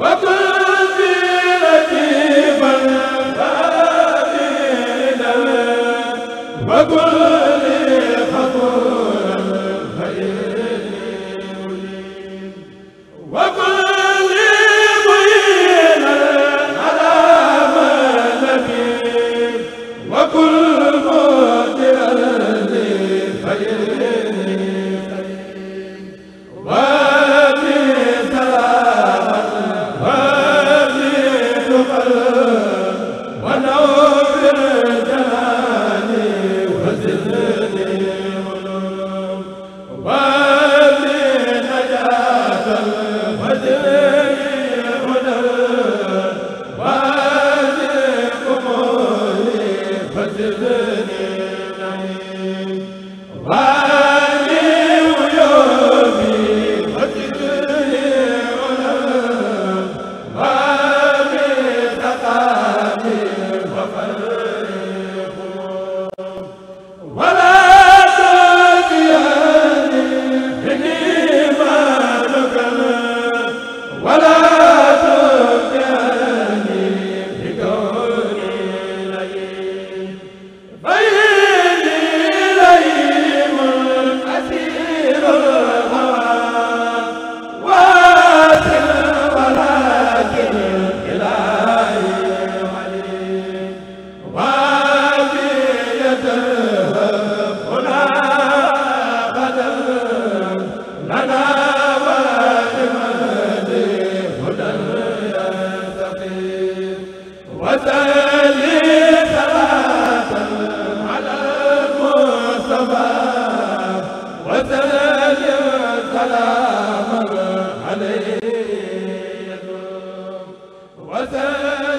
wa wa wa